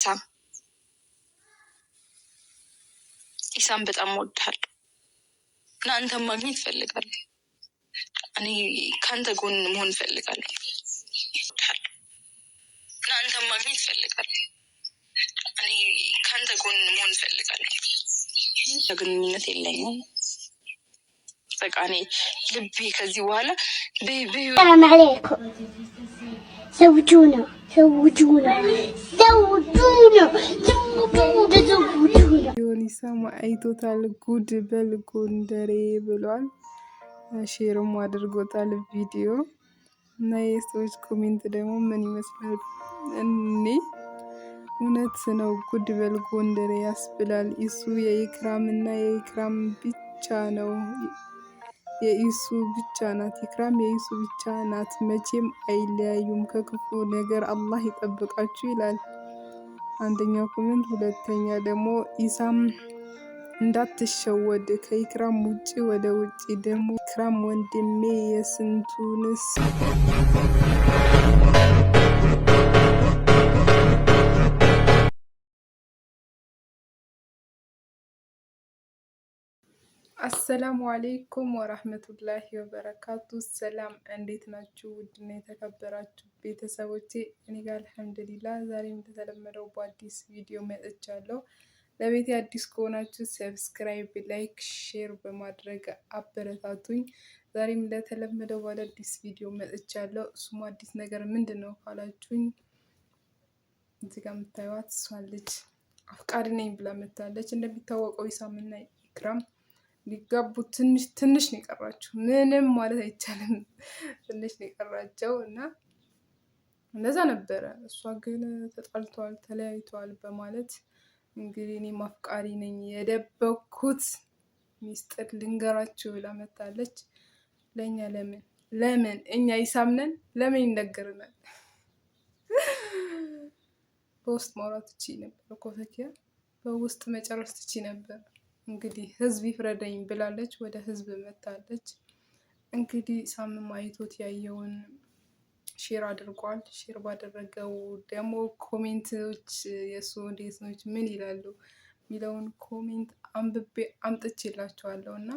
ኢሳም ኢሳም በጣም ወድሃል እና አንተን ማግኘት ይፈልጋል። እኔ ከአንተ ጎን መሆን ይፈልጋል እና አንተን ማግኘት ይፈልጋል። እኔ ከአንተ ጎን መሆን ይፈልጋል። ግንኙነት የለኝም። በቃ እኔ ልቤ ከዚህ በኋላ ዘውጁ ነው ዘውጁ ነው ዘውጁ ነው ዘውጁ ነው። ዮኒሳም አይቶታል። ጉድ በል ጎንደሬ ብሏል። ሼርም አድርጎታል ቪዲዮ እና የሰዎች ኮሜንት ደግሞ ምን ይመስላል? እኔ እውነት ነው ጉድ በል ጎንደሬ ያስብላል። እሱ የኢክራም እና የኢክራም ብቻ ነው። የኢሱ ብቻ ናት። ኢክራም የኢሱ ብቻ ናት። መቼም አይለያዩም። ከክፉ ነገር አላህ ይጠብቃችሁ ይላል አንደኛ ኮሜንት። ሁለተኛ ደግሞ ኢሳም እንዳትሸወድ ከኢክራም ውጪ ወደ ውጪ ደግሞ ኢክራም ወንድሜ የስንቱንስ አሰላሙ አሌይኩም ወራህመቱላሂ ወበረካቱ። ሰላም እንዴት ናችሁ? ውድና የተከበራችሁ ቤተሰቦቼ እኔ ጋር አልሐምዱሊላ። ዛሬም እንደተለመደው በአዲስ ቪዲዮ መጥቻለሁ። ለቤቴ አዲስ ከሆናችሁ ሰብስክራይብ፣ ላይክ፣ ሼር በማድረግ አበረታቱኝ። ዛሬም እንደተለመደው በአዳዲስ ቪዲዮ መጥቻለሁ። እሱም አዲስ ነገር ምንድን ነው ካላችሁኝ እዚጋ የምታዩት እሷ አፍቃሪ ነኝ ብላ መታለች። እንደሚታወቀው ኢሳምና ኢክራም ሊጋቡ ትንሽ ትንሽ ነው የቀራቸው። ምንም ማለት አይቻልም፣ ትንሽ ነው የቀራቸው እና እንደዛ ነበረ። እሷ ግን ተጣልተዋል፣ ተለያይተዋል በማለት እንግዲህ እኔ ማፍቃሪ ነኝ የደበኩት ሚስጥር ልንገራችሁ ብላ መታለች። ለእኛ ለምን ለምን እኛ ይሳምነን ለምን ይነገርናል? በውስጥ ማውራት ትችይ ነበር በውስጥ መጨረስ ትችይ ነበር። እንግዲህ ህዝብ ይፍረደኝ ብላለች። ወደ ህዝብ መታለች። እንግዲህ ሳምም አይቶት ያየውን ሼር አድርጓል። ሼር ባደረገው ደግሞ ኮሜንቶች የእሱ ኦዲየንሶች ምን ይላሉ የሚለውን ኮሜንት አንብቤ አምጥቼላችኋለሁ እና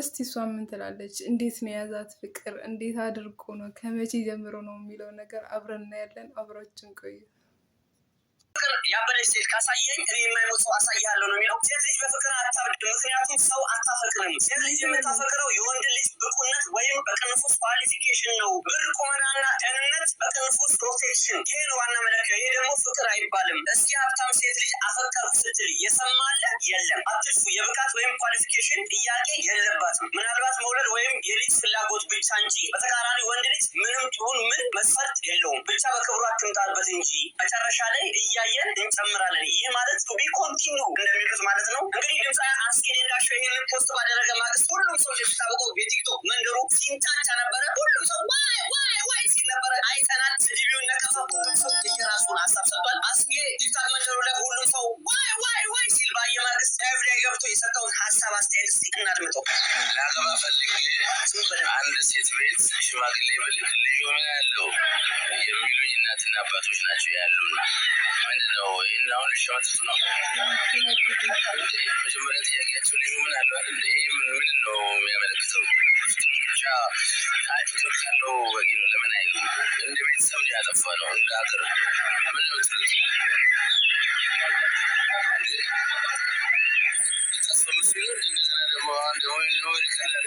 እስቲ እሷ ምን ትላለች? እንዴት ነው የያዛት ፍቅር? እንዴት አድርጎ ነው? ከመቼ ጀምሮ ነው የሚለው ነገር አብረን እናያለን። አብራችን ቆዩ። በፍቅር ያበደች ሴት ካሳየኝ እኔ የማይሞት ሰው አሳያለሁ ነው የሚለው። ሴት ልጅ በፍቅር አታብድም፣ ምክንያቱም ሰው አታፈቅርም። ሴት ልጅ የምታፈቅረው የወንድ ልጅ ብቁነት ወይም በቅንፉስ ኳሊፊኬሽን ነው። ብር፣ ቁመናና ደህንነት በቅንፉስ ፕሮቴክሽን፣ ይሄ ነው ዋና መለኪያ። ይሄ ደግሞ ፍቅር አይባልም። እስኪ ሀብታም ሴት ልጅ አፈቀርኩ ስትል የሰማለ የለም። አትልፉ። የብቃት ወይም ኳሊፊኬሽን ጥያቄ የለባትም። ምናልባት መውለድ ወይም የልጅ ፍላጎት ብቻ እንጂ በተቃራኒ ወንድ ልጅ ምንም ትሁን ምን መስፈርት የለውም። ብቻ በክብሩ አትምጣበት እንጂ መጨረሻ ላይ እያ እያየን እንጨምራለን። ይህ ማለት ቢ ኮንቲኒ እንደሚሉት ማለት ነው። እንግዲህ ድምፃ አስጌን እንዳሸው ይህንን ፖስት ባደረገ ማግስት ሁሉም ሰው እንደሚታወቀው የቲክቶክ መንደሩ ሲንጫጫ ነበረ። ሁሉም ሰው ዋይ ዋይ ዋይ ሲል ነበረ አይተናል። ስድቢው ነቀፈ። ሁሉም ሰው የራሱን ሀሳብ ሰጥቷል። አስጌ ቲክቶክ መንደሩ ላይ ሁሉም ሰው ዋይ ዋይ ዋይ ሲል ባየ ማግስት ላይቭ ላይ ገብቶ የሰጠውን ሀሳብ አስተያየት እስኪ እናድምጠው። ላገባ ፈልጌ አንድ ሴት ቤት ሽማግሌ ብል እናትና አባቶች ናቸው ያሉና ምንድነው ይህን አሁን ሸዋት ነው መጀመሪያ ጥያቄያቸው ልዩ ምን አለው አይደል? ይህ ምንድን ነው የሚያመለክተው? ብቻ አይቶ ካለው በቂ ነው። ለምን አይሉ እንደ ቤተሰብ ነው ያጠፋ ነው እንደ ሀገር ምን ነው ትሉት ታስፈምስ ይኖር እንደገና ደግሞ አንድ ሊሆን ይቀላል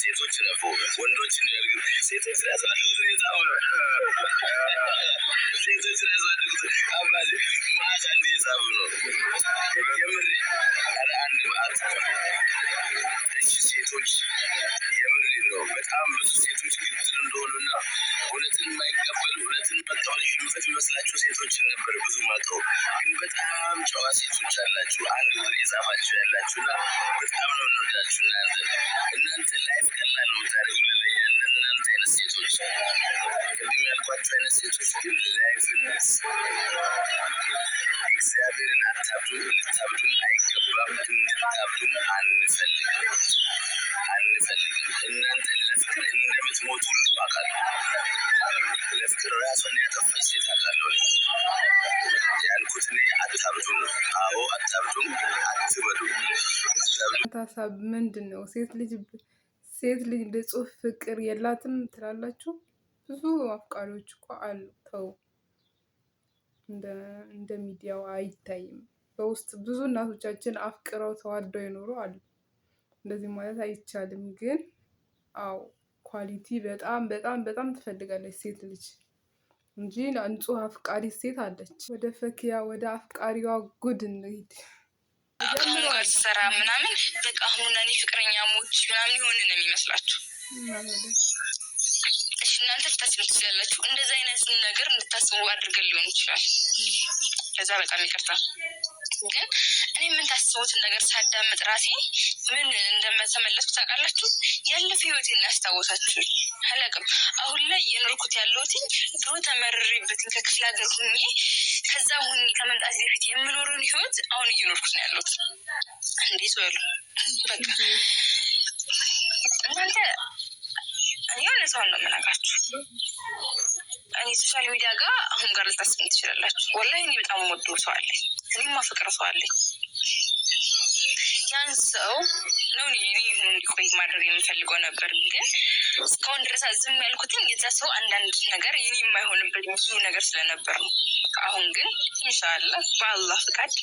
ሴቶች ረፉ ወንዶችን ያልግሩ ሴቶች ያስፈልጉት ሁኔታ ሆነ ሴቶች ያስፈልጉት አባዚ ማታ እንዲሳብ ነው የምር አንድ ማታ እሺ ሴቶች የምር ነው በጣም ብዙ ሴቶች እንደሆኑና እውነትን የማይቀበሉ እውነትን መቀበል ሽንፈት ይመስላቸው ሴቶችን ነበር ብዙ ማቀው። ግን በጣም ጨዋ ሴቶች አላችሁ፣ አንድ ቁጥር የጻፋችሁ ያላችሁ በጣም ነው እንወዳችሁ። እናንተ እናንተ ላይፍ ቀላል ነው። ታሪክ ልለያለ እናንተ አይነት ሴቶች ቅድም ያልኳቸው አይነት ሴቶች ግን ላይፍን እግዚአብሔርን አታብዱ ልታብዱም አይገባም። እንድታብዱም አንፈልግም አንፈልግም እናንተ የምትሞት አውቃለሁ። ለፍቅር ራሷን ያጠፋች ሴት አውቃለሁ። ያልኩት እኔ አታብዱም አዎ አታብዱም፣ አትበሉ። ታሳብ ምንድን ነው? ሴት ልጅ ሴት ልጅ ለጽሁፍ ፍቅር የላትም ትላላችሁ? ብዙ አፍቃሪዎች እኮ አሉ። ተው እንደ ሚዲያው አይታይም። በውስጥ ብዙ እናቶቻችን አፍቅረው ተዋደው ይኖሩ አሉ። እንደዚህ ማለት አይቻልም ግን አዎ ኳሊቲ በጣም በጣም በጣም ትፈልጋለች ሴት ልጅ እንጂ ንጹህ አፍቃሪ ሴት አለች። ወደ ፈኪያ ወደ አፍቃሪዋ ጉድ እንሂድ። ስራ ምናምን በቃ አሁን እኔ ሞች ምናምን የሆን ነው የሚመስላችሁ። እሺ እናንተ ልታስብ ትችላላችሁ። እንደዚ አይነት ነገር እንድታስቡ አድርገን ሊሆን ይችላል። ከዛ በጣም ይቅርታል ግን እኔ ምን ታስቡትን ነገር ሳዳምጥ ራሴ ምን እንደመተመለስኩ ታውቃላችሁ? ያለፈ ህይወቴ እናስታወሳችሁ አላቅም። አሁን ላይ የኖርኩት ያለሁትኝ ድሮ ተመርሬበትን ከክፍለ ሀገር ሁኜ ከዛ ሁኜ ከመምጣት በፊት የምኖረውን ህይወት አሁን እየኖርኩት ነው ያለሁት። እንዴት ወሉ በቃ እናንተ የሆነ ሰው ነው የምናውቃችሁ። እኔ ሶሻል ሚዲያ ጋር አሁን ጋር ልታስብም ትችላላችሁ። ወላሂ እኔ በጣም ወዶ ሰው አለኝ። እኔም ማፈቅር ሰው አለኝ። ያን ሰው ነው እንዲቆይ ማድረግ የሚፈልገው ነበር። ግን እስካሁን ድረስ ዝም ያልኩትኝ የዛ ሰው አንዳንድ ነገር የኔ የማይሆንበት ብዙ ነገር ስለነበር ነው። አሁን ግን ኢንሻአላ በአላህ ፍቃድ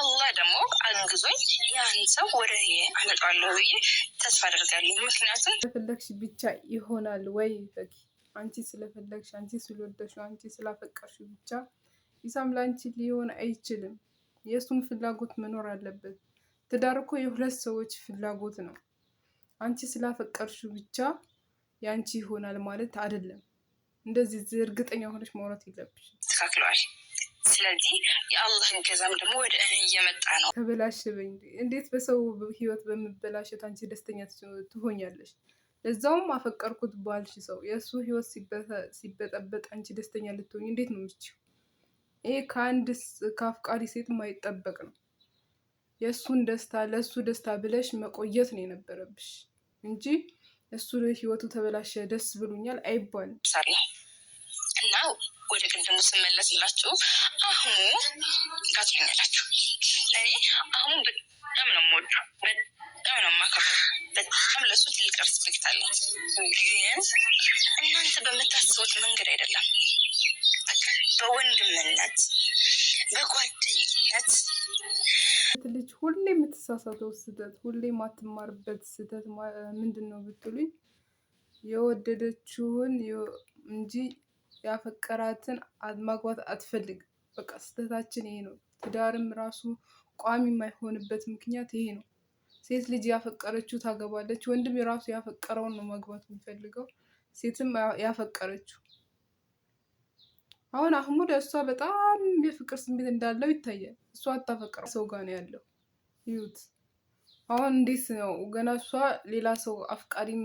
አላህ ደግሞ አግዞኝ ያን ሰው ወደ አመጣዋለሁ ብዬ ተስፋ አደርጋለሁ። ምክንያቱም ስለፈለግሽ ብቻ ይሆናል ወይ አንቺ ስለፈለግሽ፣ አንቺ ስለወደሽ፣ አንቺ ስላፈቀርሽ ብቻ ኢሳም ለአንቺ ሊሆን አይችልም። የእሱም ፍላጎት መኖር አለበት። ትዳር እኮ የሁለት ሰዎች ፍላጎት ነው። አንቺ ስላፈቀርሽው ብቻ የአንቺ ይሆናል ማለት አይደለም። እንደዚህ እርግጠኛ ሆነች ማውራት የለብሽ። ተስተካክለዋል። ስለዚህ የአላህን ገዛም ደግሞ ወደ እኔ እየመጣ ነው። ተበላሽብኝ። እንዴት በሰው ህይወት በመበላሸት አንቺ ደስተኛ ትሆኛለሽ? ለዛውም አፈቀርኩት ባልሽ ሰው የእሱ ህይወት ሲበጠበጥ አንቺ ደስተኛ ልትሆኝ እንዴት ነው ምችው? ይሄ ከአንድ ከአፍቃሪ ሴት ማይጠበቅ ነው። የእሱን ደስታ ለእሱ ደስታ ብለሽ መቆየት ነው የነበረብሽ እንጂ እሱ ህይወቱ ተበላሸ፣ ደስ ብሎኛል አይባልም። እና ወደ ቅድም ስመለስላችሁ አህሙ ጋትኛላችሁ እኔ አህሙን በጣም ነው ሞዱ በጣም ነው ማከፉ በጣም ለእሱ ትልቅ ሪስፔክት አለኝ። ግን እናንተ በምታስቡት መንገድ አይደለም በወንድምነት በጓደኝነት ልጅ ሁሌ የምትሳሳተው ስህተት ሁሌ የማትማርበት ስህተት ምንድን ነው ብትሉኝ፣ የወደደችውን እንጂ ያፈቀራትን ማግባት አትፈልግም። በቃ ስህተታችን ይሄ ነው። ትዳርም ራሱ ቋሚ የማይሆንበት ምክንያት ይሄ ነው። ሴት ልጅ ያፈቀረችው ታገባለች። ወንድም የራሱ ያፈቀረውን ነው ማግባት የሚፈልገው። ሴትም ያፈቀረችው አሁን አህሙ ለእሷ በጣም የፍቅር ስሜት እንዳለው ይታያል። እሷ አታፈቅረው ሰው ጋር ነው ያለው። ይዩት አሁን እንዴት ነው ገና እሷ ሌላ ሰው አፍቃሪም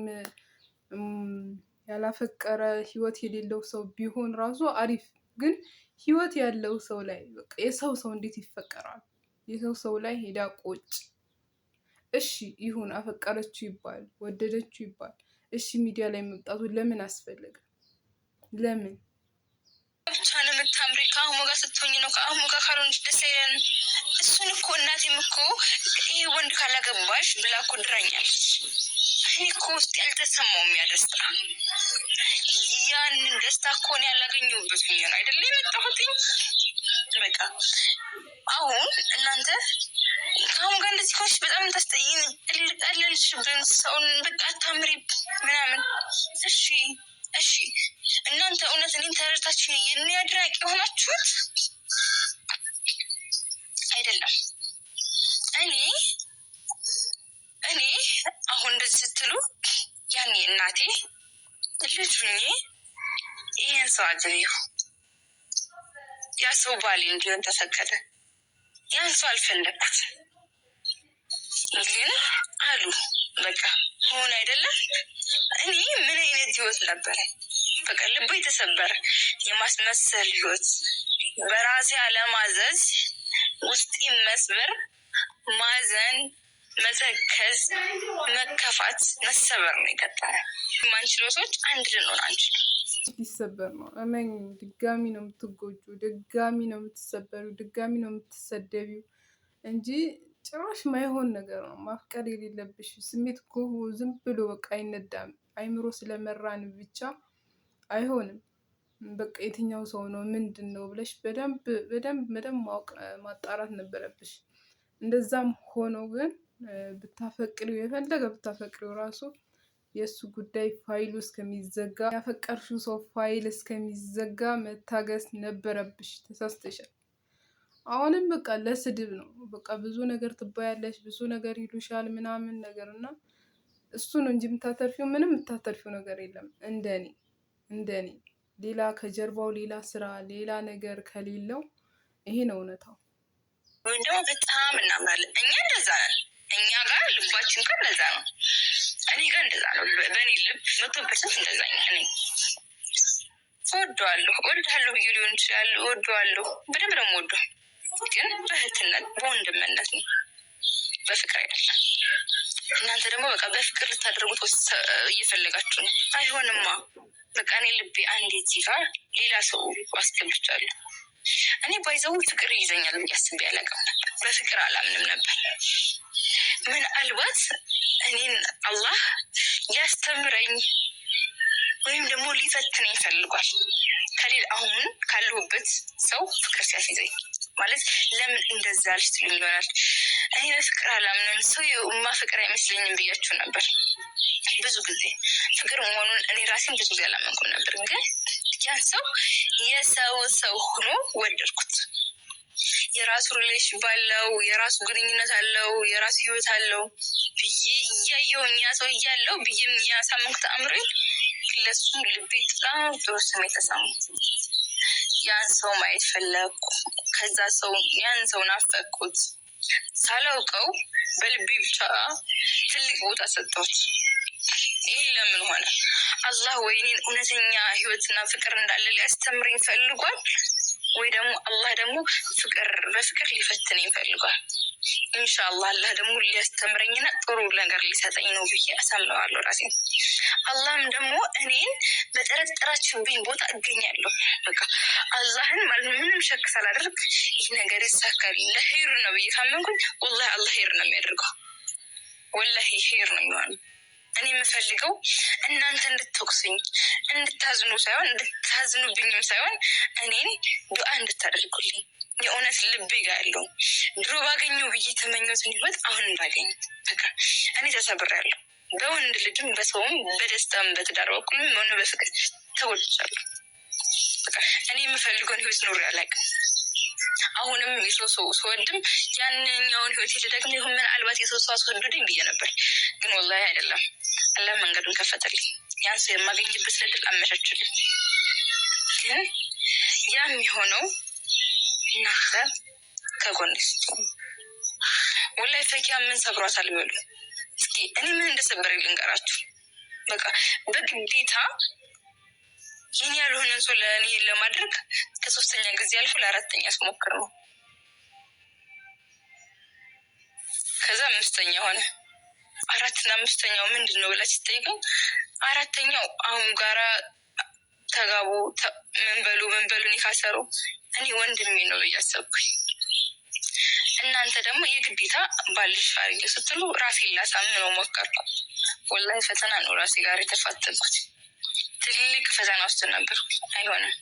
ያላፈቀረ ህይወት የሌለው ሰው ቢሆን ራሱ አሪፍ፣ ግን ህይወት ያለው ሰው ላይ የሰው ሰው እንዴት ይፈቀራል? የሰው ሰው ላይ ሄዳ ቆጭ። እሺ ይሁን አፈቀረችው ይባል ወደደችው ይባል እሺ፣ ሚዲያ ላይ መምጣቱ ለምን አስፈለገ? ለምን ከአህሙ ጋር ስትሆኝ ነው። ከአህሙ ጋር ካልሆንሽ ደስ አይለን። እሱን እኮ እናቴም እኮ ይሄ ወንድ ካላገባሽ ብላ እኮ ድራኛለች። እኔ እኮ ውስጥ ያልተሰማው ያ ደስታ ያንን ደስታ እኮ ነው ያላገኘሁበት ብዬ ነው አይደለ የመጣሁትኝ። በቃ አሁን እናንተ ከአሁን ጋር እንደዚህ ከሆንሽ በጣም ታስጠይን ቀለልሽብን፣ ሰውን በቃ አታምሪብ ምናምን። እሺ እሺ እናንተ እውነት እኔን ተረድታችሁ የሚያድራቅ የሆናችሁት አይደለም። እኔ እኔ አሁን እንደዚህ ስትሉ ያኔ እናቴ ልጁ ይህን ሰው አገኘሁ ያ ሰው ባሌ እንዲሆን ተፈቀደ። ያን ሰው አልፈለግኩት ግን አሉ በቃ ሆን አይደለም። እኔ ምን አይነት ህይወት ነበረኝ? በቃ ልቡ የተሰበረ የማስመሰል ህይወት፣ በራሴ አለማዘዝ፣ ውስጤ መስበር፣ ማዘን፣ መተከዝ፣ መከፋት፣ መሰበር ነው የቀጠረ። የማንችለው ሰዎች አንድ ልንሆን አንችልም። ሊሰበር ነው እመኝ። ድጋሚ ነው የምትጎጁ፣ ድጋሚ ነው የምትሰበሩ፣ ድጋሚ ነው የምትሰደቢው እንጂ ጭራሽ ማይሆን ነገር ነው። ማፍቀር የሌለብሽ ስሜት ጎቦ ዝም ብሎ በቃ አይነዳም። አይምሮ ስለመራን ብቻ አይሆንም። በቃ የትኛው ሰው ነው ምንድን ነው ብለሽ በደንብ በደንብ በደንብ ማወቅ ማጣራት ነበረብሽ። እንደዛም ሆኖ ግን ብታፈቅሪው የፈለገ ብታፈቅሪው ራሱ የእሱ ጉዳይ ፋይሉ እስከሚዘጋ ያፈቀርሽው ሰው ፋይል እስከሚዘጋ መታገስ ነበረብሽ። ተሳስተሻል። አሁንም በቃ ለስድብ ነው። በቃ ብዙ ነገር ትባያለሽ፣ ብዙ ነገር ይሉሻል ምናምን ነገር እና እሱ ነው እንጂ የምታተርፊው ምንም የምታተርፊው ነገር የለም እንደኔ እንደኔ ሌላ ከጀርባው ሌላ ስራ ሌላ ነገር ከሌለው ይሄ ነው እውነታው። እንደው በጣም እናምናለን እኛ እንደዛ ነን። እኛ ጋር ልባችን ጋር እንደዛ ነው። እኔ ጋር እንደዛ ነው። በእኔ ልብ መቶ ፐርሰንት እንደዛ እኔ እወደዋለሁ እወድሃለሁ ብዬ ሊሆን ይችላል። እወደዋለሁ በደንብ ደግሞ ወዶ ግን በእህትነት በወንድምነት ነው፣ በፍቅር አይደለም። እናንተ ደግሞ በቃ በፍቅር ልታደርጉት እየፈለጋችሁ ነው። አይሆንማ። በቃ እኔ ልቤ አንድ እዚህ ጋር ሌላ ሰው አስገብቻለሁ። እኔ ባይዘው ፍቅር ይይዘኛል እያስብ ያለቀም በፍቅር አላምንም ነበር። ምናልባት እኔን አላህ ያስተምረኝ ወይም ደግሞ ሊፈትነኝ ይፈልጓል። ከሌል አሁን ካለሁበት ሰው ፍቅር ሲያስይዘኝ ማለት ለምን እንደዛ ልስ ይሆናል እኔ በፍቅር አላምንም። ሰው የኡማ ፍቅር አይመስለኝም ብያችሁ ነበር ብዙ ጊዜ ፍቅር መሆኑን እኔ ራሴን ብዙ ጊዜ አላመንኩም ነበር። ግን ያን ሰው የሰው ሰው ሆኖ ወደድኩት። የራሱ ሪሌሽን ባለው የራሱ ግንኙነት አለው የራሱ ህይወት አለው ብዬ እያየው እኛ ሰው እያለው ብዬ የሚያሳምንኩ ተአምሮ ለሱ ልቤ በጣም ጥሩ ስሜት ተሰማት። ያን ሰው ማየት ፈለግኩ። ከዛ ሰው ያን ሰው ናፈቅኩት። ሳላውቀው በልቤ ብቻ ትልቅ ቦታ ሰጠሁት። ይህ ለምን ሆነ? አላህ ወይኔን እውነተኛ ህይወትና ፍቅር እንዳለ ሊያስተምረኝ ፈልጓል፣ ወይ ደግሞ አላህ ደግሞ ፍቅር በፍቅር ሊፈትነኝ ፈልጓል። ኢንሻአላህ አላህ ደግሞ ሊያስተምረኝና ጥሩ ነገር ሊሰጠኝ ነው ብዬ አሳምነዋለሁ ራሴ። አላህም ደግሞ እኔን በጠረጠራችሁብኝ ቦታ እገኛለሁ። በቃ አላህን ማለት ምንም ሸክ ሳላደርግ ይህ ነገር ይሳካል ለሄር ነው ብዬ ካመንኩኝ ወላሂ አላህ ሄር ነው የሚያደርገው። ወላ ሄር ነው የሚሆነው። እኔ የምፈልገው እናንተ እንድትወቅሱኝ እንድታዝኑ ሳይሆን እንድታዝኑብኝም ሳይሆን እኔን ዱዓ እንድታደርጉልኝ የእውነት ልቤ ጋር ያለው ድሮ ባገኘው ብዬ የተመኘሁትን ህይወት አሁን እንዳገኝ በቃ እኔ ተሰብሬያለሁ። በወንድ ልጅም በሰውም በደስታም በትዳር በኩልም ሆነ በፍቅር ተጎድቻለሁ። እኔ የምፈልገውን ህይወት ኑሬ አላውቅም። አሁንም የሰው ሰው ስወድም ያንኛውን ህይወት ልደግም ይሁን ምናልባት የሰው ሰው አስወድዶኝ ብዬ ነበር፣ ግን ወላሂ አይደለም። አላህ መንገዱን ከፈተልኝ፣ ያን ሰው የማገኝበት እድል አመቻችልኝ። ግን ያ የሚሆነው እናንተ ከጎን ስጡ። ወላሂ ፈኪያ ምን ሰብሯታል ቢሉ እስኪ እኔ ምን እንደሰበረኝ ልንገራችሁ። በቃ በግዴታ ይህን ያልሆነን ሰው ለእኔ ለማድረግ ከሶስተኛ ጊዜ አልፎ ለአራተኛ ስሞክር ነው። ከዛ አምስተኛ ሆነ። አራትና አምስተኛው ምንድን ነው ብላ ሲጠይቀኝ አራተኛው አሁን ጋራ ተጋቡ መንበሉ መንበሉን የካሰሩ እኔ ወንድሜ ነው እያሰብኩኝ እናንተ ደግሞ የግዴታ ባልሽ አርጌ ስትሉ ራሴን ላሳምነው ሞከርኩ። ወላሂ ፈተና ነው ራሴ ጋር የተፋተንኩት። ትልቅ ፈተና ውስጥ ነበርኩ። አይሆንም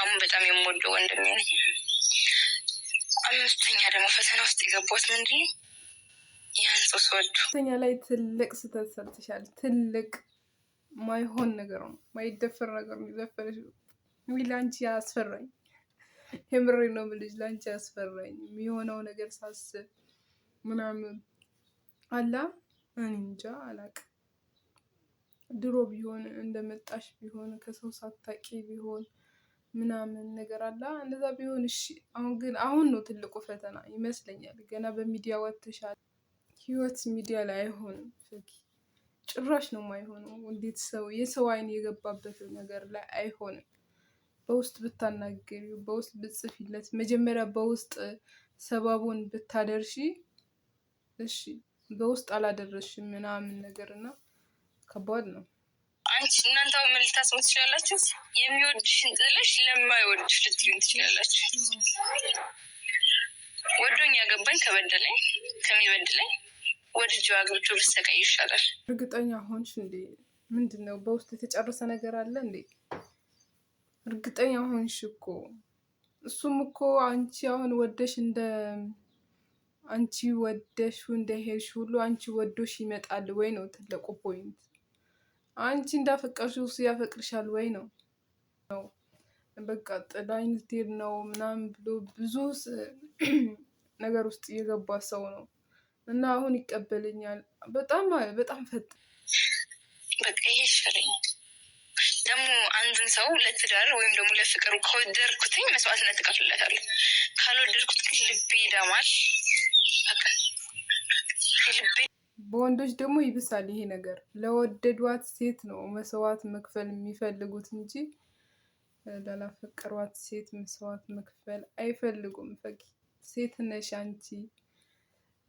አሁን በጣም የምወደው ወንድሜ ነኝ። አምስተኛ ደግሞ ፈተና ውስጥ የገባሁት ምንድን ነው ያን ሰው ስወዱ ተኛ ላይ ትልቅ ስህተት ሰርተሻል። ትልቅ ማይሆን ነገር ነው፣ ማይደፈር ነገር ነው የዘፈረሽ። ለአንቺ ያስፈራኝ፣ የምሬ ነው ምልጅ ለአንቺ ያስፈራኝ የሚሆነው ነገር ሳስብ ምናምን አላ እንጃ አላቅም። ድሮ ቢሆን እንደመጣሽ ቢሆን ከሰው ሳታቂ ቢሆን ምናምን ነገር አለ እንደዛ ቢሆን እሺ። አሁን ግን አሁን ነው ትልቁ ፈተና ይመስለኛል ገና በሚዲያ ወጥተሻል። ህይወት ሚዲያ ላይ አይሆንም ጭራሽ ነው የማይሆነው። እንዴት ሰው የሰው አይን የገባበት ነገር ላይ አይሆንም። በውስጥ ብታናገሪው፣ በውስጥ ብትጽፊለት፣ መጀመሪያ በውስጥ ሰባቦን ብታደርሺ እሺ። በውስጥ አላደረስሽም ምናምን ነገር እና ከባድ ነው። አንቺ እናንተ ምን ልታስቡ ትችላላችሁ? የሚወድሽን ጥለሽ ለማይወድሽ ልትሉኝ ትችላላችሁ። ወዶኝ ያገባኝ ከበደለኝ ከሚበድለኝ ወድጄ አግብቼ ብሰቀይ ይሻላል። እርግጠኛ ሆንሽ እንዴ? ምንድን ነው በውስጥ የተጨረሰ ነገር አለ እንዴ? እርግጠኛ ሆንሽ እኮ እሱም እኮ አንቺ አሁን ወደሽ እንደ አንቺ ወደሽ እንደሄድሽ ሁሉ አንቺ ወዶሽ ይመጣል ወይ ነው ትልቁ ፖይንት። አንቺ እንዳፈቀሽ እሱ ያፈቅርሻል ወይ ነው ነው በቃ ጥላኝ ልትሄድ ነው ምናምን ብሎ ብዙ ነገር ውስጥ እየገባ ሰው ነው እና አሁን ይቀበለኛል። በጣም በጣም ፈጥ በቃ ይሻለኛል። ደግሞ አንድን ሰው ለትዳር ወይም ደግሞ ለፍቅሩ ከወደድኩትኝ መስዋዕትነት እከፍልለታለሁ። ካልወደድኩት ልቤ ይደማል ልቤ በወንዶች ደግሞ ይብሳል ይሄ ነገር። ለወደዷት ሴት ነው መስዋዕት መክፈል የሚፈልጉት እንጂ ላላፈቀሯት ሴት መስዋዕት መክፈል አይፈልጉም። ፈቂ ሴት ነሽ አንቺ፣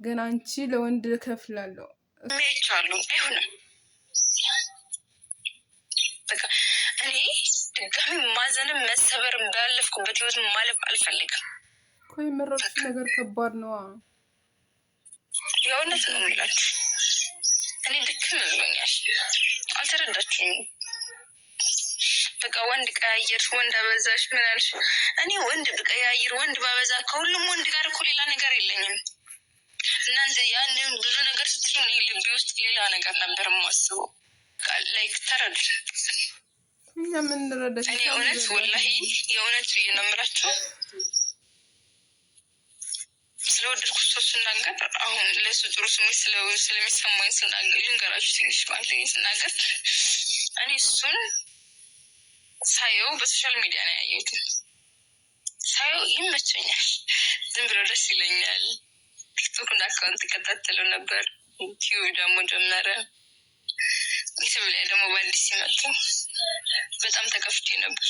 ግን አንቺ ለወንድ እከፍላለሁ ይቻሉ አይሆንም። እኔ ድጋሚ ማዘንም መሰበርም ባለፍኩበት ህይወት ማለፍ አልፈልግም። የመረጡት ነገር ከባድ ነዋ። የእውነት ነው የሚላችሁ እኔ ድክም ብሎኛል። አልተረዳችሁም። በቃ ወንድ ቀያየር፣ ወንድ አበዛሽ፣ ምን አልሽ? እኔ ወንድ ቀያየር፣ ወንድ ባበዛ ከሁሉም ወንድ ጋር እኮ ሌላ ነገር የለኝም። እናንተ ያንን ብዙ ነገር ስትሉ እኔ ልቤ ውስጥ ሌላ ነገር ነበር የማስበው። ላይክ ተረዱ። እኔ እውነት ወላሂ የእውነት ብዬ ነው የምላችሁ ስለወደድኩ ሰው ስናገር አሁን ለሱ ጥሩ ስሜት ስለሚሰማኝ ስናገር ልንገራችሁ ትንሽ ማለት ስናገር እኔ እሱን ሳየው በሶሻል ሚዲያ ነው ያየሁት። ሳየው ይመቸኛል፣ ዝም ብሎ ደስ ይለኛል። ቲክቶክን አካውንት ይከታተለው ነበር። ዩቲዩብ ደግሞ ጀመረ። ዩቲዩብ ላይ ደግሞ በአዲስ ሲመጡ በጣም ተከፍቼ ነበር።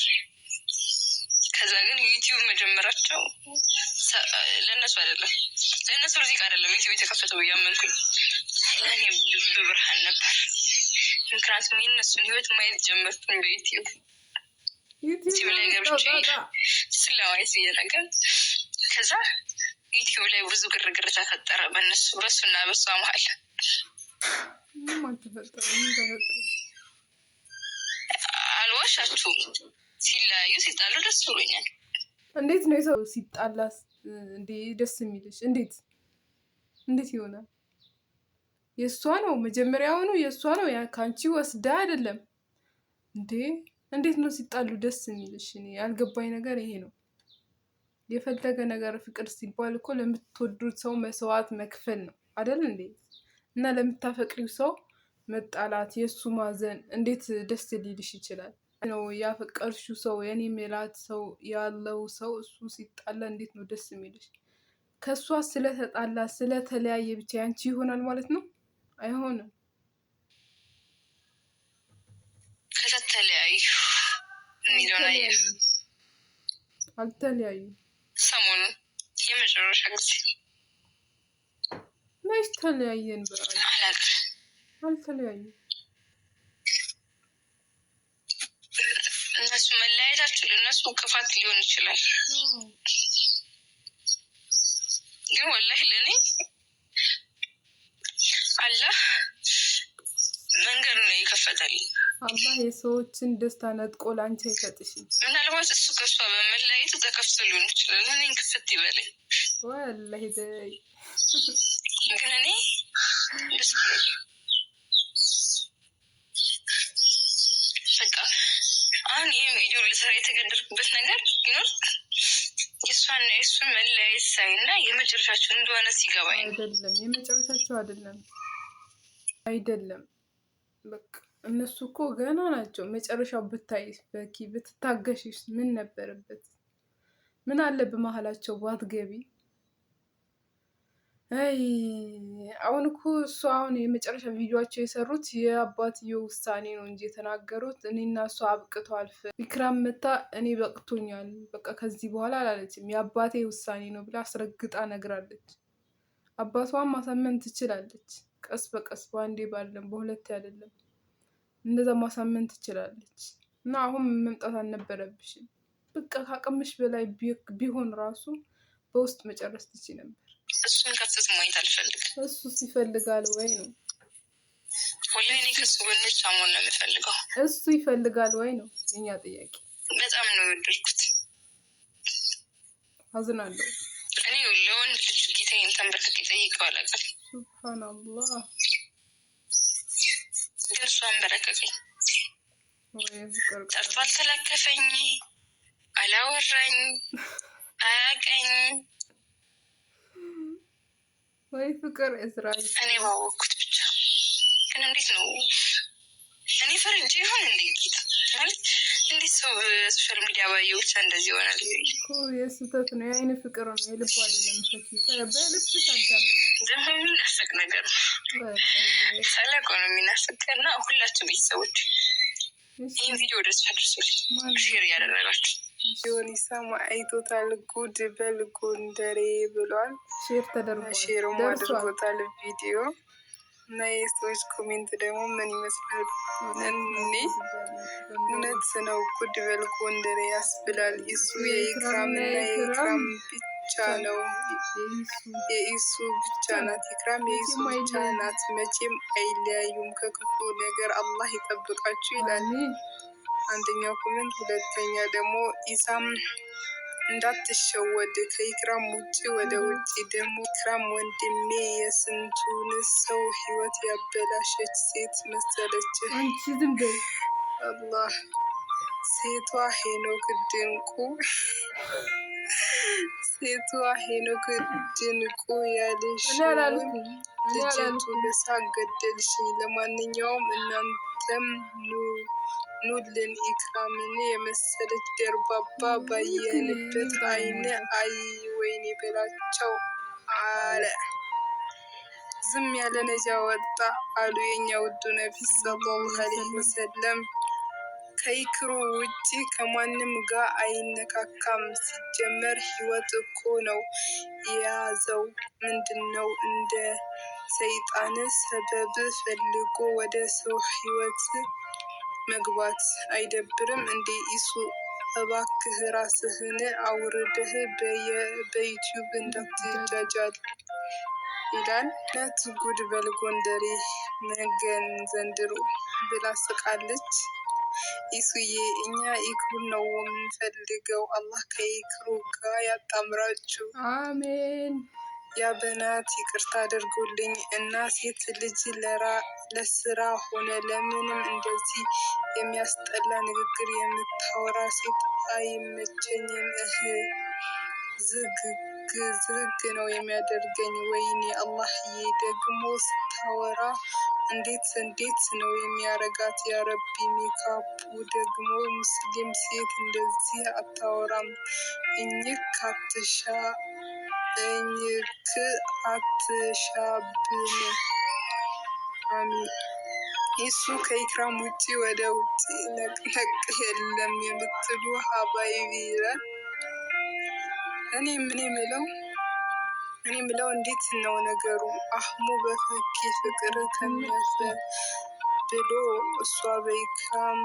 ከዛ ግን ዩቲዩብ መጀመራቸው ለእነሱ አይደለም ለእነሱ ሪዚቅ አይደለም ዩቲዩብ የተከፈተው እያመንኩኝ ለእኔ ልብ ብርሃን ነበር። ምክንያቱም የእነሱን ህይወት ማየት ጀመርኩኝ በዩቲዩብ ዩቲዩብ ላይ ገብቼ ስለማየት እየነገር ከዛ ዩቲዩብ ላይ ብዙ ግርግር ተፈጠረ በእነሱ በእሱና በእሷ መሀል አልዋሻችሁም። ሲለያዩ ሲጣሉ ደስ ብሎኛል። እንዴት ነው የሰው ሲጣላስ እንዴ ደስ የሚልሽ እንዴት እንዴት ይሆናል? የእሷ ነው መጀመሪያውኑ፣ የእሷ ነው ከአንቺ ወስዳ አይደለም እንዴ። እንዴት ነው ሲጣሉ ደስ የሚልሽ? እኔ ያልገባኝ ነገር ይሄ ነው። የፈለገ ነገር ፍቅር ሲባል እኮ ለምትወዱት ሰው መስዋዕት መክፈል ነው አይደል እንዴ? እና ለምታፈቅሪው ሰው መጣላት፣ የእሱ ማዘን እንዴት ደስ ሊልሽ ይችላል? ነው ያፈቀርሽው ሰው የኔ ሜላት ሰው ያለው ሰው እሱ ሲጣላ እንዴት ነው ደስ የሚልሽ? ከእሷ ስለተጣላ ስለተለያየ ብቻ ያንቺ ይሆናል ማለት ነው? አይሆንም። ከተለያዩ አልተለያዩ ሰሞኑ የመጨረሻ ጊዜ መች ተለያየን? አልተለያዩ እነሱ መለያየት አችል እነሱ ክፋት ሊሆን ይችላል፣ ግን ወላሂ ለእኔ አላህ መንገድ ነው ይከፈታል። አላህ የሰዎችን ደስታ ነጥቆ ለአንቺ አይሰጥሽም። ምናልባት እሱ ከሷ በመለያየቱ ተከፍቶ ሊሆን ይችላል። እኔን ክፍት ይበለኝ ወላሂ ደይ ግን እኔ ደስ በቃ አሁን ይህም ቪዲዮ ልሰራ የተገደድኩበት ነገር ቢኖር የእሷና የእሱ መለያየት ሳይ እና የመጨረሻቸው እንደሆነ ሲገባኝ አይደለም፣ የመጨረሻቸው አይደለም አይደለም። በቃ እነሱ እኮ ገና ናቸው። መጨረሻው ብታይ በኪ ብትታገሽ ምን ነበረበት? ምን አለ በመሀላቸው ባትገቢ ገቢ አሁን እኮ እሱ አሁን የመጨረሻ ቪዲዮቸው የሰሩት የአባትየው ውሳኔ ነው እንጂ የተናገሩት እኔና እሱ አብቅቷል። ኢክራም መታ እኔ በቅቶኛል፣ በቃ ከዚህ በኋላ አላለችም። የአባቴ ውሳኔ ነው ብላ አስረግጣ ነግራለች። አባቷን ማሳመን ትችላለች፣ ቀስ በቀስ በአንዴ ባለም በሁለቴ አይደለም፣ እንደዛ ማሳመን ትችላለች። እና አሁን መምጣት አልነበረብሽም። በቃ ከአቅምሽ በላይ ቢሆን ራሱ በውስጥ መጨረስ ትችል ነበር። እሱን ከፍተት ማየት አልፈልግም። እሱ ይፈልጋል ወይ ነው ወላሂ፣ እኔ ከሱ ጎኖች አሞን ነው የምፈልገው። እሱ ይፈልጋል ወይ ነው የኛ ጥያቄ። በጣም ነው የወደድኩት። አዝናለሁ እኔ ለወንድ ልጅ ጌታዬን ተንበርክኬ ጠይቄው አላውቅም። ሱብሃነላህ ደርሶ አንበረከከኝ። ጠርቶ አልተላከፈኝ፣ አላወራኝ፣ አያቀኝ ወይ ፍቅር እዝራ እኔ ባወቅኩት ብቻ ግን እንዴት ነው እኔ ፈርንጅ ይሆን እንዴ ጌታ ማለት እንዴት ሰው ሶሻል ሚዲያ ባየ ብቻ እንደዚህ ይሆናል እኮ የስህተት ነው የአይን ፍቅር ነው የልብ አይደለም በልብ ሳዳም ደግሞ የሚናፍቅ ነገር ነው ሰለቆ ነው የሚናፍቅ እና ሁላችሁ ቤተሰቦች ይህን ቪዲዮ ወደ ስፋ ሼር እያደረጋችሁ ይሰማ አይቶታል። ጉድ በል ጎንደሬ ብሏል። ሼር ተደርጓል፣ ሼር አድርጎታል ቪዲዮ እና የሰዎች ኮሜንት ደግሞ ምን ይመስላል? እኔ እውነት ነው ጉድ በል ጎንደሬ ያስብላል። እሱ የኢክራምና የኢክራም ብቻ ነው የኢሱ ብቻ ናት። ኢክራም የኢሱ ብቻ ናት። መቼም አይለያዩም። ከክፉ ነገር አላህ ይጠብቃችሁ ይላል። አንደኛው ኮሜንት፣ ሁለተኛ ደግሞ ኢሳም እንዳትሸወድ ከኢክራም ውጭ ወደ ውጭ ደግሞ ኢክራም ወንድሜ የስንቱን ሰው ህይወት ያበላሸች ሴት መሰለች። አላህ ሴቷ ሄኖክ ድንቁ ሴቷ ሄኖክ ድንቁ ያልሽ ልጅቱ በሳቅ ገደልሽኝ። ለማንኛውም እናንተም ኑ ኑልን ኢክራምን የመሰለች ደርባባ ባየንበት አይነ አይ ወይኔ በላቸው አለ። ዝም ያለ ነጃ ወጣ አሉ የኛ ውዱ ነቢ ሰለላሁ ዐለይሂ ወሰለም ከይክሩ ውጪ ከማንም ጋር አይነካካም። ሲጀመር ህይወት እኮ ነው የያዘው። ምንድን ነው እንደ ሰይጣን ሰበብ ፈልጎ ወደ ሰው ህይወት መግባት አይደብርም እንዴ? ኢሱ እባክህ ራስህን አውርድህ በዩቲዩብ እንዳትጃጃል ይላል። ነት ጉድ በል ጎንደሬ መገን ዘንድሮ ብላ ስቃለች። ኢሱዬ እኛ ኢክሩን ነው የምንፈልገው። አላህ ከኢክሩ ጋር ያጣምራችሁ፣ አሜን። ያበናት ይቅርታ አድርጉልኝ እና ሴት ልጅ ለስራ ሆነ ለምንም እንደዚህ የሚያስጠላ ንግግር የምታወራ ሴት አይመቸኝም። ዝግግ ነው የሚያደርገኝ። ወይኔ አላህዬ! ደግሞ ስታወራ እንዴት እንዴት ነው የሚያረጋት። ያረቢ ሜካፑ ደግሞ ሙስሊም ሴት እንደዚህ አታወራም። እኝክ ካትሻ እኝክ አትሻብን። አሚን። እሱ ከኢክራም ውጪ ወደ ውጪ ነቅነቅ የለም የምትሉ ሀባይ ቢረ እኔ ምን የምለው እኔ ምለው እንዴት ነው ነገሩ? አህሙ በፈኪ ፍቅር ከሚያፈ ብሎ እሷ በኢክራም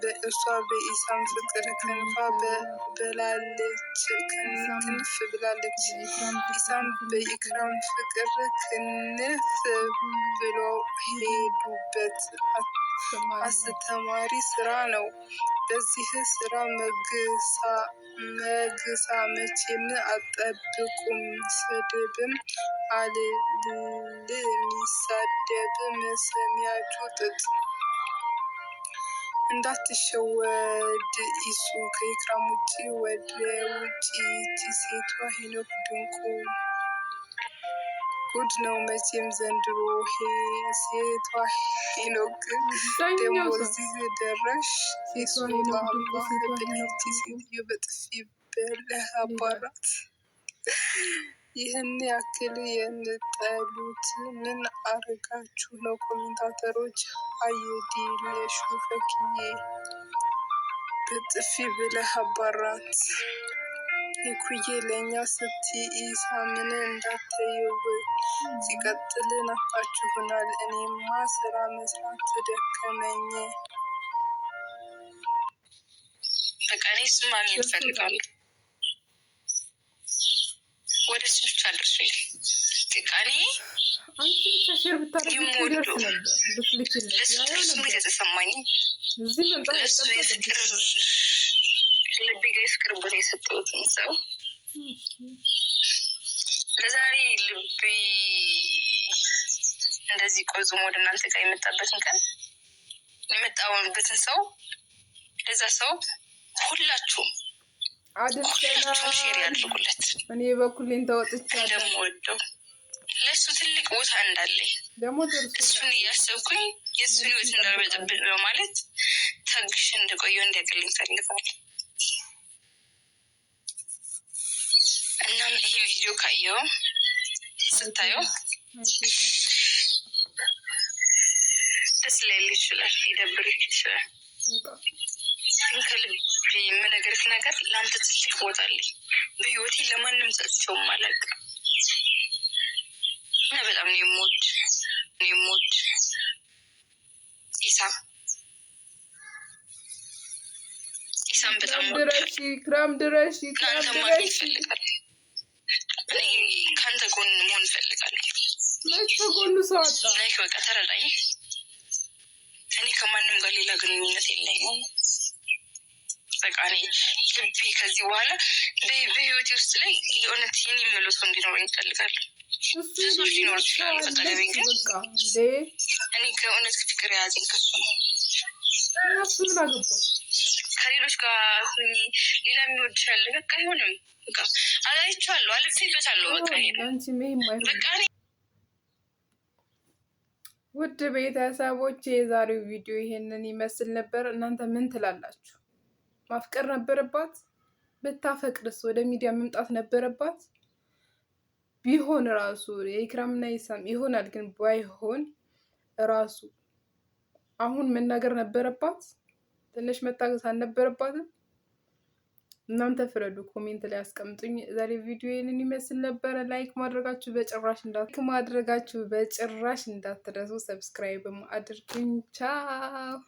በእሷ በኢሳም ፍቅር ክንፋ ብላለች ክንፍ ብላለች። ኢሳም በኢክራም ፍቅር ክንፍ ብሎ ሄዱበት አስተማሪ ስራ ነው። በዚህ ስራ መግሳ መቼም አጠብቁም ስድብም አልል የሚሳደብ መሰሚያችሁ ጥጥ እንዳትሸወድ ኢሱ ከኢክራም ውጪ ወደ ውጪ ቲሴቷ ሄኖክ ድንቁ ጉድ ነው መቼም ዘንድሮ ሴቷ ሄኖክ ደግሞ እዚህ ደረሽ ሴቷ ሄኖክ ሴትዮ በጥፊ በለህ አባራት ይህን ያክል የምጠሉት ምን አድርጋችሁ ነው? ኮሜንታተሮች አየዲል የሹ በጥፊ ብለህ አባራት የኩዬ ለእኛ ስቲ ኢሳምን እንዳትየው። ሲቀጥል ናፋችሁናል። እኔማ ስራ መስራት ደከመኝ። በቃ እኔ እሱን ወደ እሱ ብቻ አድርሶኝ በቃ የተሰማኝ ልቤ ጋ የፍቅር ቦታ የሰጠሁትን ሰው ለዛሬ ልቤ እንደዚህ ቆዝሞ ወደ እናንተ ጋር የመጣበትን ቀን የመጣውንበትን ሰው ለዛ ሰው ሁላችሁም ሼር ያድርጉለት። እኔ በኩሌን ተወጥቻለሁ። ወደው ለእሱ ትልቅ ቦታ እንዳለኝ ደግሞ እሱን እያሰብኩኝ የእሱን ህይወት እንዳልበጥብጥ በማለት ታግሽ እንደቆየው እንዲያቅልኝ ፈልጋል። እናም ይሄ ቪዲዮ ካየው ስታየው ደስ ላይል ይችላል፣ ይደብርክ ይችላል ግን ከልብ የምነግርህ ነገር ለአንተ ትልቅ ቦታ አለኝ። በህይወቴ ለማንም ሰጥቼውም አላውቅም እና በጣም ነው የምወድ የምወድ ኢሳም ኢሳም በጣም ክራም ድረሽ ከአንተ ማግኘት እኔ ከአንተ ጎን መሆን እፈልጋለሁ። ከጎኑ ሰው አጣ። በቃ ተረዳኝ። እኔ ከማንም ጋር ሌላ ግንኙነት የለኝም። በቃ እኔ ልቤ ከዚህ በኋላ በህይወቴ ውስጥ ላይ የእውነት ይህን የምለው ሰው እንዲኖረኝ እፈልጋለሁ። ብዙዎች ሊኖር ይችላሉ በጠገቤ፣ ግን እኔ ከእውነት ፍቅር የያዘኝ ከሱ ነው። ከሌሎች ጋር ሁኚ ሌላ የሚወድሻል በቃ አይሆንም። በቃ አላይቻለሁ፣ አልፌበታለሁ። በቃ በቃ ውድ ቤተሰቦች የዛሬው ቪዲዮ ይሄንን ይመስል ነበር። እናንተ ምን ትላላችሁ? ማፍቀር ነበረባት? ብታፈቅርስ ወደ ሚዲያ መምጣት ነበረባት? ቢሆን ራሱ የኢክራምና የሳም ይሆናል፣ ግን ባይሆን ራሱ አሁን መናገር ነበረባት? ትንሽ መታገስ አልነበረባትም? እናንተ ፍረዱ። ኮሜንት ላይ አስቀምጡኝ። ዛሬ ቪዲዮ ይህንን ይመስል ነበረ። ላይክ ማድረጋችሁ በጭራሽ እንዳት ማድረጋችሁ በጭራሽ እንዳትረሱ። ሰብስክራይብም አድርጉኝ። ቻው